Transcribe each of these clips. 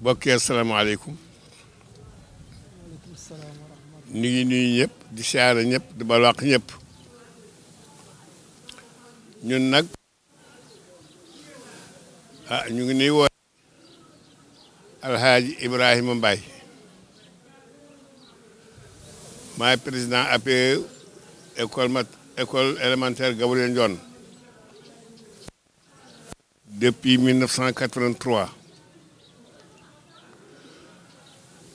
mbokk yi asalaamaaleykum ñu ngi nuyu ñëpp di siyaare ñëpp di balwaq ñëpp ñun nag ah ñu ngi nuy woo alxaaji Ibrahima Mbaye maay président APE école école élémentaire Gabriel Ndione depuis 1983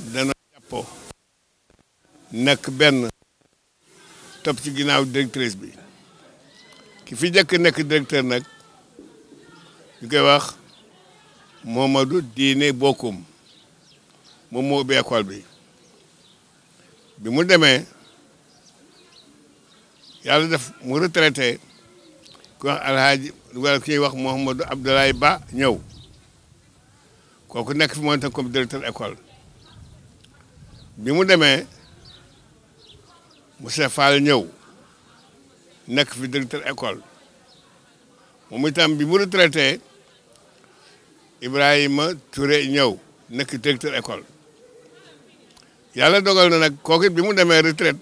dana jàppoo nekk benn topp ci ginnaaw directrice bi ki fi njëkk nekk directeur nag ñu koy wax Momadou Diine Bokum moom moo ubbi école bi bi mu demee yàlla def mu retraité ku wax alhaaji wala ku ñuy wax Mouhamadou Abdoulaye Ba ñëw kooku nekk fi moo tam comme directeur bi mu demee monsieur Fall ñëw nekk fi directeur école moom itam bi mu retraité Ibrahima ture ñëw nekk directeur école yàlla dogal na nag kooku bi mu demee retraite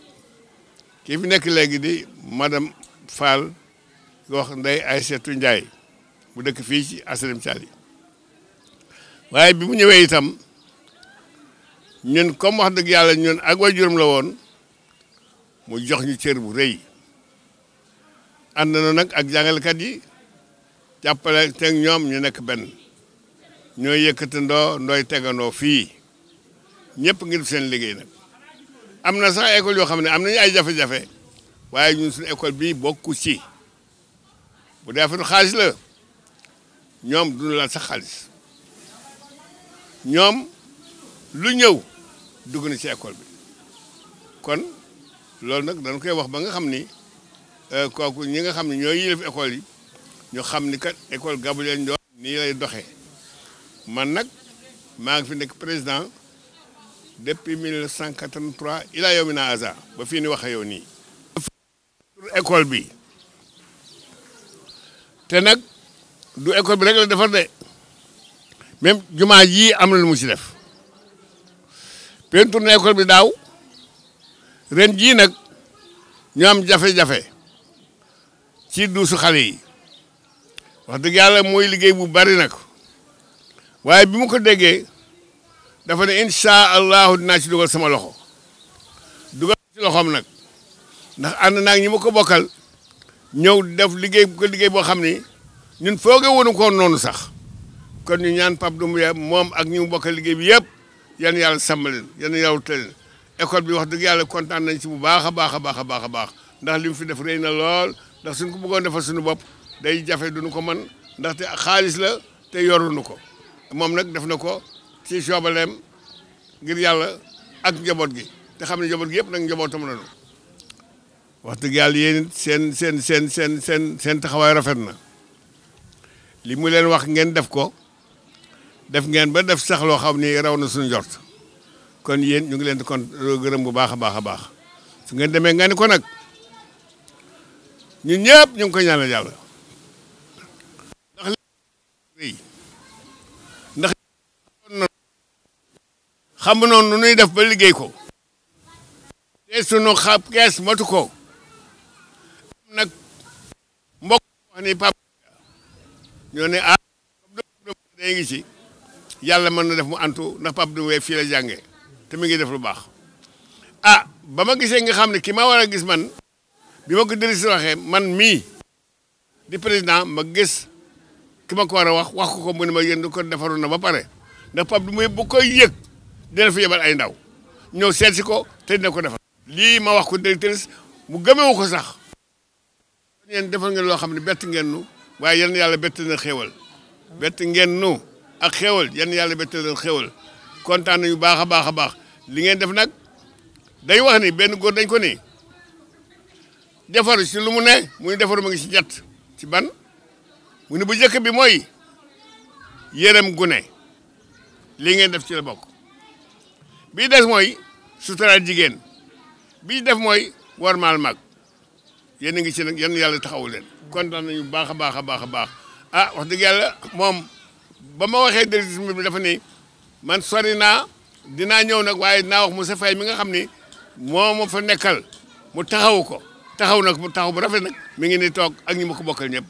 kii fi nekk léegi di madame Fall ko wax Ndeye Aïssatou Ndiaye bu dëkk fii ci Asalim Sali waaye bi mu ñëwee itam. ñun comme wax dëgg yàlla ñun ak way juróom la woon mu jox ñu cër bu rëy ànd nag ak jàngalekat yi jàppale teg ñoom ñu nekk benn ñooy yëkkatandoo ndooy tegandoo fii ñëpp ngir seen liggéey nag am na sax école yoo xam ne am nañu ay jafe-jafe waaye ñun suñu école bi bokku ci bu dee affaire xaalis la ñoom duñu la xaalis ñoom lu ñëw dugg na ci école bi kon loolu nag dañ koy wax ba nga xam ni euh, kooku ñi nga xam ne ñooy yilif école yi ñu xam ni kat école Gabriel Ndione nii lay doxe man nag maa ngi fi nekk président depuis 1983 ilaa yawmi haazaa ba fii ni waxee yow nii école bi te nag du école bi rek la defar de même jumaa yii am na lu mu si def peinture na école bi daaw ren jii nag ñu am jafe-jafe ci duusu xale yi wax dëgg yàlla mooy liggéey bu bari nag waaye bi mu ko déggee dafa ne incha allahu dinaa ci dugal sama loxo dugal ci loxoom nag ndax ànd naa ñi ma ko bokkal ñëw def liggéey bu ko liggéey boo xam ni ñun fooge wonu ko noonu sax kon ñu ñaan Pape Doumbia moom ak ñi mu bokkal liggéey bi yëpp yan yàlla sàmm leen yan yàlla wutal leen école bi wax dëgg yàlla kontaan nañ si bu baax a baax a baax a baax a baax ndax li fi def rëy na lool ndax suñ ko bëggoon defal suñu bopp day jafe dunu ko man ndaxte xaalis la te yorunu ko moom nag def na ko ci soobaleem ngir yàlla ak njaboot gi te xam ne njaboot gi yëpp nag njabootam lañu wax dëgg yàlla yéen seen seen seen seen seen seen taxawaay rafet na li mu leen wax ngeen def ko def ngeen ba def sax loo xam ni raw na suñu jot kon yéen ñu ngi leen di kon gërëm bu baax a baax a baax su ngeen demee nga ni ko nag ñu ñëpp ñu ngi koy ñaanal yàlla ndax léegi ndax xam noonu nu nuy def ba liggéey ko te sunu xab kees matu ko nag mbokk wax ni papa ñoo ne ah ngi ci yàlla mën na def mu antu ndax Pape Doumbouya fii a jàngee te mi ngi def lu baax a ah, ba ma gisee nga xam ne ki ma war a gis man bi ma ko dëri si man mii di président ma gis ki ma ko war a wax wax ko ko mu ne ma yéen ko defaroon na ba pare ndax Pape Doumbouya bu koy yëg dina fi yebal ay ndaw ñëw seet si ko te dina ko defar. lii ma wax ko directrice mu gëmewu ko sax yéen defal ngeen loo xam ne bett ngeen nu waaye yen yàlla bett na xéewal bett ngeen nu ak xéwal yan yàlla bettal leen xéwal kontaan nañu baax a baax a baax li ngeen def nag dañ wax ni benn góor dañ ko ni defaru si lu mu ne mu ne defaru ngi si jat ci ban mu ne bu njëkk bi mooy yërëm gune li ngeen def ci la bokk bi des mooy suturaal jigéen bi def mooy warmaal mag yéen ngi ci nag yan yàlla taxawu leen kontaan nañu baax a baax a baax a baax ah wax dëgg yàlla moom ba ma waxee directeur bi dafa ni man sori naa dinaa ñëw nag waaye dinaa wax monsieur Faye mi nga xam ni moom ma fa nekkal mu taxaw ko taxaw nag mu taxaw bu rafet nag mi ngi ni toog ak ñi ma ko bokkal ñëpp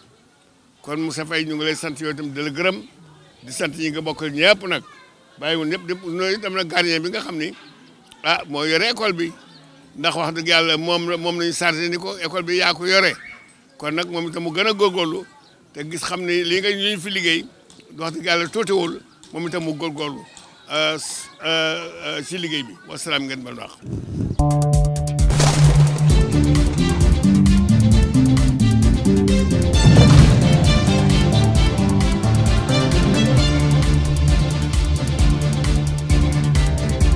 kon monsieur Faye ñu ngi lay sant yow itam di gërëm di sant ñi nga bokkal ñëpp nag bàyyiwul ñëpp di nuyu itam nag gardien bi nga xam ni ah moo yore école bi ndax wax dëgg yàlla moom la moom la ñu chargé ni ko école bi yaa ko yore kon nag moom itam mu gën a góorgóorlu te gis xam ni li nga ñu fi liggéey. wax dëgg yàlla tuutiwul moom itam mu góorgóorlu si euh, euh, euh, liggéey bi wasalaam ngeen ba wax